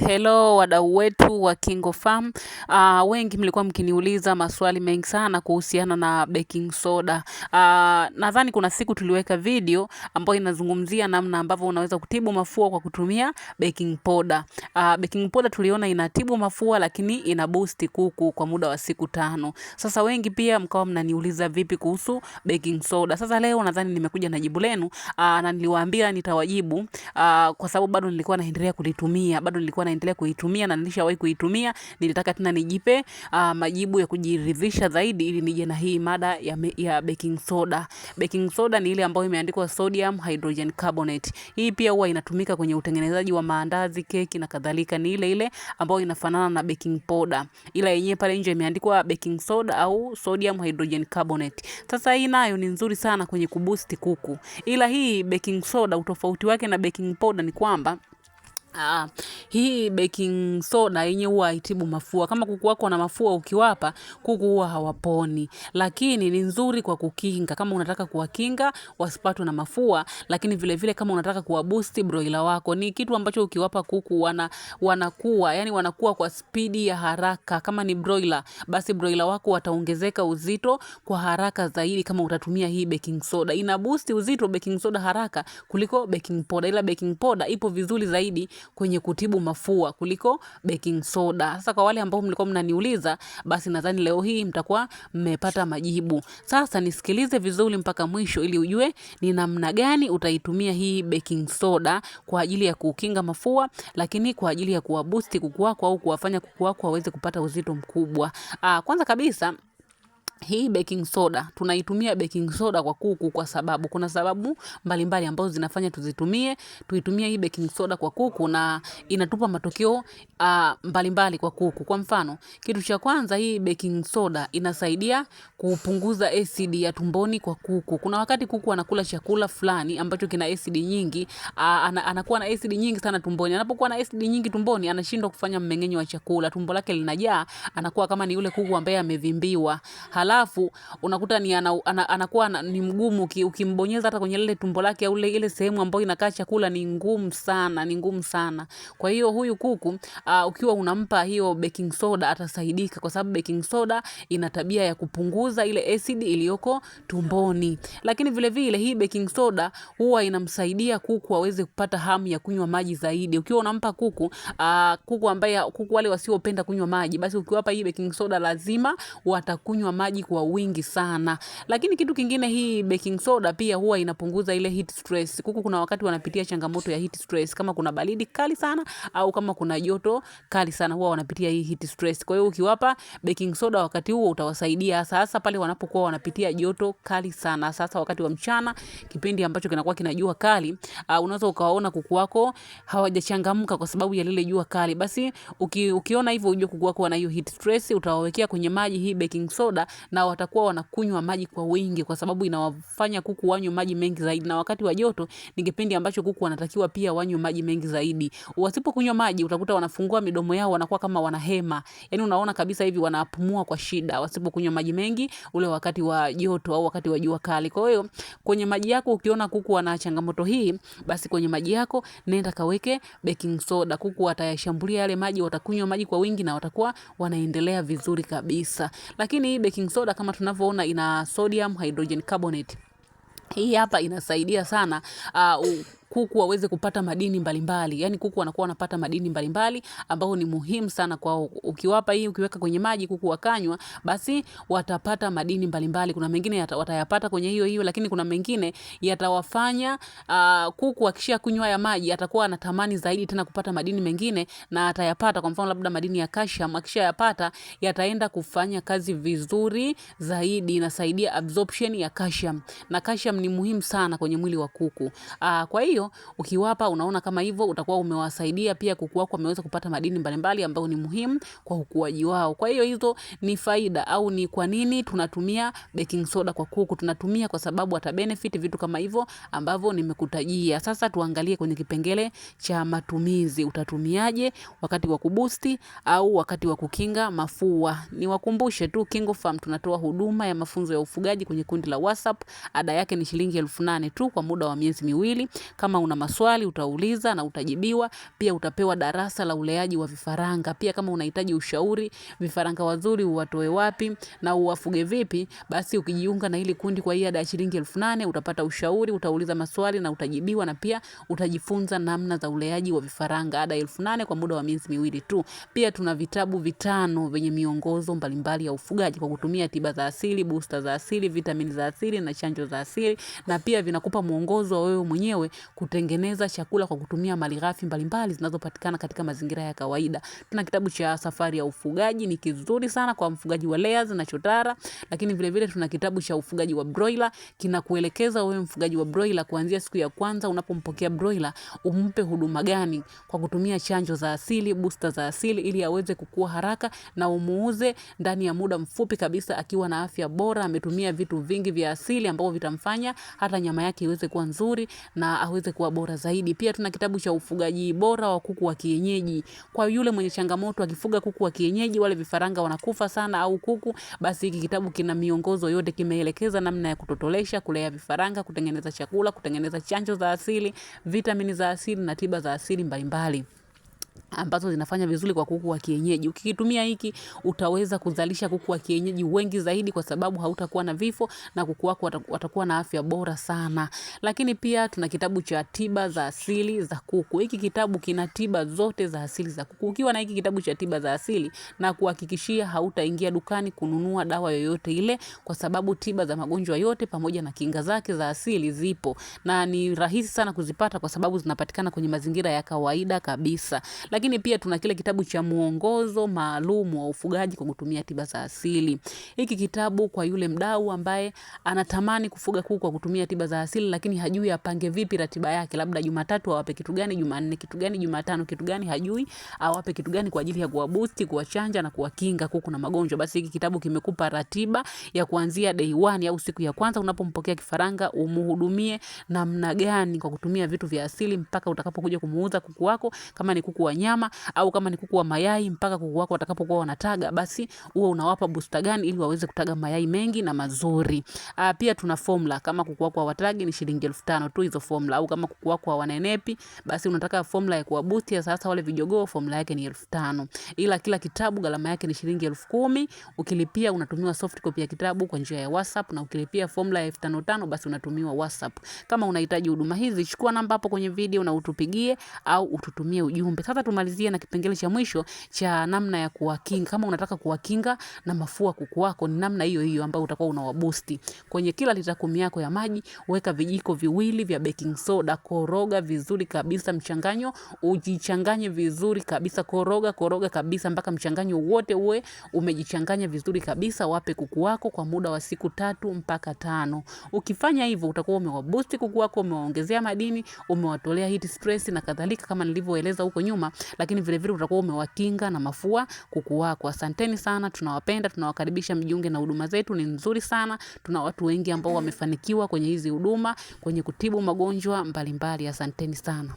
Hello wadau wetu wa Kingo Farm. Uh, wengi mlikuwa mkiniuliza maswali mengi sana kuhusiana na baking soda. Uh, nadhani kuna siku tuliweka video ambayo inazungumzia namna ambavyo unaweza kutibu mafua kwa kutumia baking powder. Uh, baking powder tuliona inatibu mafua lakini ina boost kuku kwa muda wa siku tano. Sasa wengi pia mkawa mnaniuliza vipi kuhusu baking soda. Sasa leo nadhani nimekuja na jibu lenu. Uh, na niliwaambia nitawajibu uh, kwa sababu bado nilikuwa naendelea kulitumia, bado nilikuwa nilikuwa naendelea kuitumia na nilishawahi kuitumia. Nilitaka tena nijipe uh, majibu ya kujiridhisha zaidi ili nije na hii mada ya, me, ya baking soda. Baking soda ni ile ambayo imeandikwa sodium hydrogen carbonate. Hii pia huwa inatumika kwenye utengenezaji wa maandazi, keki na kadhalika. Ni ile ile ambayo inafanana na baking powder, ila yenyewe pale nje imeandikwa baking soda au sodium hydrogen carbonate. Sasa hii nayo ni nzuri sana kwenye kuboost kuku, ila hii baking soda utofauti wake na baking powder ni kwamba Aa, ah, hii baking soda yenye huwa haitibu mafua. Kama kuku wako na mafua ukiwapa, kuku huwa hawaponi. Lakini ni nzuri kwa kukinga. Kama unataka kuwakinga, wasipatwe na mafua. Lakini vile vile kama unataka kuwabusti broiler wako. Ni kitu ambacho ukiwapa kuku wana, wanakuwa. Yani wanakuwa kwa spidi ya haraka. Kama ni broiler, basi broiler wako wataongezeka uzito kwa haraka zaidi kama utatumia hii baking soda. Ina boost uzito baking soda haraka kuliko baking powder. Ila baking powder ipo vizuri zaidi kwenye kutibu mafua kuliko baking soda. Sasa kwa wale ambao mlikuwa mnaniuliza, basi nadhani leo hii mtakuwa mmepata majibu. Sasa nisikilize vizuri mpaka mwisho ili ujue ni namna gani utaitumia hii baking soda kwa ajili ya kukinga mafua, lakini kwa ajili ya kuwabusti kuku wako au kuwafanya kuku wako waweze kupata uzito mkubwa. Aa, ah, kwanza kabisa hii baking soda tunaitumia baking soda kwa kuku kwa sababu kuna sababu mbalimbali mbali ambazo zinafanya tuzitumie, tuitumie hii baking soda kwa kuku na inatupa matokeo uh, mbali kwa kuku. Kwa mfano, kitu cha kwanza hii baking soda inasaidia kupunguza acid ya tumboni kwa kuku. Kuna wakati kuku anakula chakula fulani ambacho kina acid nyingi, uh, anakuwa na acid nyingi sana tumboni. Anapokuwa na acid nyingi tumboni, anashindwa kufanya mmeng'enyo wa chakula, tumbo lake linajaa, anakuwa kama ni yule kuku ambaye amevimbiwa. Hala alafu unakuta ni ana, ana, anakuwa ni mgumu, ukimbonyeza hata kwenye lile tumbo lake au ile sehemu ambayo inakaa chakula ni ngumu sana, ni ngumu sana. Kwa hiyo huyu kuku uh, ukiwa unampa hiyo baking soda atasaidika, kwa sababu baking soda ina tabia ya kupunguza ile acid iliyoko tumboni, lakini vile vile hii baking soda huwa inamsaidia kuku aweze kupata hamu ya kunywa maji zaidi. Ukiwa unampa kuku uh, kuku ambaye kuku wale wasiopenda kunywa maji, basi ukiwapa hii baking soda lazima watakunywa maji maji kwa wingi sana. Lakini kitu kingine, hii baking soda pia huwa inapunguza ile heat stress. Kuku kuna wakati wanapitia changamoto ya heat stress, kama kuna baridi kali sana au kama kuna joto kali sana, huwa wanapitia hii heat stress. Kwa hiyo ukiwapa baking soda wakati huo utawasaidia, hasa hasa pale wanapokuwa wanapitia joto kali sana, sasa wakati wa mchana, kipindi ambacho kinakuwa kina jua kali. Uh, unaweza ukawaona kuku wako hawajachangamka kwa sababu ya lile jua kali. Basi uki, ukiona hivyo ujue kuku wako wana hiyo heat stress, utawawekea kwenye maji hii baking soda na watakuwa wanakunywa maji kwa wingi kwa sababu inawafanya kuku wanywe maji mengi zaidi, na wakati wa joto ni kipindi ambacho kuku wanatakiwa pia wanywe maji mengi zaidi. Wasipokunywa maji utakuta wanafungua midomo yao wanakuwa kama wanahema. yani unaona kabisa hivi wanapumua kwa shida wasipokunywa maji mengi ule wakati wa joto au wakati wa jua kali. Kwa hiyo kwenye maji yako ukiona kuku wana changamoto hii, basi kwenye maji yako nenda kaweke baking soda. Kuku watayashambulia yale maji, watakunywa maji kwa wingi na watakuwa wanaendelea vizuri kabisa. Lakini hii baking soda kama tunavyoona ina sodium hydrogen carbonate. Hii hapa inasaidia sana uh, kuku waweze kupata madini mbalimbali. Yani kuku wanakuwa wanapata madini mbalimbali ambao ni muhimu sana kwa Ukiwapa hii, ukiweka kwenye maji kuku wakanywa, basi watapata madini mbalimbali. Kuna mengine yata, watayapata kwenye hiyo hiyo, lakini kuna mengine yatawafanya uh, kuku akishia kunywa ya maji atakuwa anatamani zaidi tena kupata madini mengine na atayapata. Kwa mfano labda madini ya calcium akishayapata yataenda kufanya kazi vizuri zaidi, inasaidia absorption ya calcium na calcium ni muhimu sana kwenye mwili wa kuku. Uh, kwa hiyo hiyo ukiwapa, unaona kama hivyo utakuwa umewasaidia pia kuku wako wameweza kupata madini mbalimbali ambayo ni muhimu kwa ukuaji wao. Kwa hiyo hizo ni faida au ni kwa nini tunatumia baking soda kwa kuku. Tunatumia kwa sababu ata benefit vitu kama hivyo ambavyo nimekutajia. Sasa tuangalie kwenye kipengele cha matumizi, utatumiaje wakati wa kubusti au wakati wa kukinga mafua. Niwakumbushe tu KingoFarm tunatoa huduma ya mafunzo ya ufugaji kwenye kundi la WhatsApp. Ada yake ni shilingi elfu nane tu kwa muda wa miezi miwili. Kama una maswali utauliza na utajibiwa. Pia utapewa darasa la uleaji wa vifaranga. Pia kama unahitaji ushauri, vifaranga wazuri uwatoe wapi na uwafuge vipi, basi ukijiunga na hili kundi kwa hii ada ya shilingi elfu nane utapata ushauri, utauliza maswali na utajibiwa, na pia utajifunza namna za uleaji wa vifaranga. Ada elfu nane kwa muda wa miezi miwili tu. Pia tuna vitabu vitano vyenye miongozo mbalimbali ya ufugaji kwa kutumia tiba za asili, booster za asili, vitamini za asili na chanjo za asili, na pia vinakupa mwongozo wa wewe mwenyewe kutengeneza chakula kwa kutumia malighafi mbalimbali zinazopatikana katika mazingira ya kawaida. Tuna kitabu cha Safari ya Ufugaji ni kizuri sana kwa mfugaji wa layers na chotara, lakini vile vile tuna kitabu cha ufugaji wa broiler kinakuelekeza wewe mfugaji wa broiler kuanzia siku ya kwanza unapompokea broiler umpe huduma gani kwa kutumia chanjo za asili, booster za asili ili aweze kukua haraka na umuuze ndani ya muda mfupi kabisa akiwa na afya bora, ametumia vitu vingi vya asili ambavyo vitamfanya hata nyama yake iweze kuwa nzuri na aweze iweze kuwa bora zaidi. Pia tuna kitabu cha ufugaji bora wa kuku wa kienyeji. Kwa yule mwenye changamoto akifuga kuku wa kienyeji, wale vifaranga wanakufa sana au kuku, basi hiki kitabu kina miongozo yote, kimeelekeza namna ya kutotolesha, kulea vifaranga, kutengeneza chakula, kutengeneza chanjo za asili, vitamini za asili na tiba za asili mbalimbali ambazo zinafanya vizuri kwa kuku wa kienyeji. Ukikitumia hiki utaweza kuzalisha kuku wa kienyeji wengi zaidi, kwa sababu hautakuwa na vifo na kuku wako watakuwa na afya bora sana. Lakini pia tuna kitabu cha tiba za asili za kuku. Hiki kitabu kina tiba zote za asili za kuku. Ukiwa na hiki kitabu cha tiba za asili, na kuhakikishia hautaingia dukani kununua dawa yoyote ile, kwa sababu tiba za magonjwa yote pamoja na kinga zake za asili zipo na ni rahisi sana kuzipata, kwa sababu zinapatikana kwenye mazingira ya kawaida kabisa. Lakini lakini pia tuna kile kitabu cha mwongozo maalum wa ufugaji kwa kutumia tiba za asili. Hiki kitabu kwa yule mdau ambaye anatamani kufuga kuku kwa kutumia tiba za asili, lakini hajui apange vipi ratiba yake, labda Jumatatu awape kitu gani, Jumanne kitu gani, Jumatano kitu gani, hajui awape kitu gani kwa ajili ya kuwabusti, kuwachanja na kuwakinga kuku na magonjwa. Basi hiki kitabu kimekupa ratiba ya kuanzia day one au siku ya kwanza unapompokea kifaranga, umhudumie namna gani kwa kutumia vitu vya asili mpaka utakapokuja kumuuza kuku wako, kama ni kuku wa nyama nyama au kama ni kuku wa mayai mpaka kuku wako watakapokuwa wanataga, basi huwa unawapa booster gani ili waweze kutaga mayai mengi na mazuri. Ah, pia tuna formula kama kuku wako hawatagi ni shilingi elfu tano tu hizo formula, au kama kuku wako hawanenepi basi unataka formula ya kuwaboost. ya Sasa wale vijogoo formula yake ni elfu tano ila kila kitabu gharama yake ni shilingi elfu kumi Ukilipia unatumiwa soft copy ya kitabu kwa njia ya WhatsApp, na ukilipia formula ya elfu tano tano basi unatumiwa WhatsApp. Kama unahitaji huduma hizi, chukua namba hapo kwenye video na utupigie au ututumie ujumbe. Sasa tuma tumemalizia na kipengele cha mwisho cha namna ya kuwakinga. Kama unataka kuwakinga na mafua kuku wako, ni namna hiyo hiyo ambayo utakuwa unawabusti. Kwenye kila lita kumi yako ya maji weka vijiko viwili vya baking soda, koroga vizuri kabisa mchanganyo, ujichanganye vizuri kabisa, koroga koroga kabisa mpaka mchanganyo wote uwe umejichanganya vizuri kabisa. Wape kuku wako kwa muda wa siku tatu mpaka tano. Ukifanya hivyo utakuwa umewabusti kuku wako, umewaongezea madini, umewatolea heat stress na kadhalika, kama nilivyoeleza huko nyuma lakini vilevile utakuwa umewakinga na mafua kuku wako. Asanteni sana, tunawapenda, tunawakaribisha mjiunge na huduma zetu, ni nzuri sana. Tuna watu wengi ambao wamefanikiwa kwenye hizi huduma, kwenye kutibu magonjwa mbalimbali. Asanteni sana.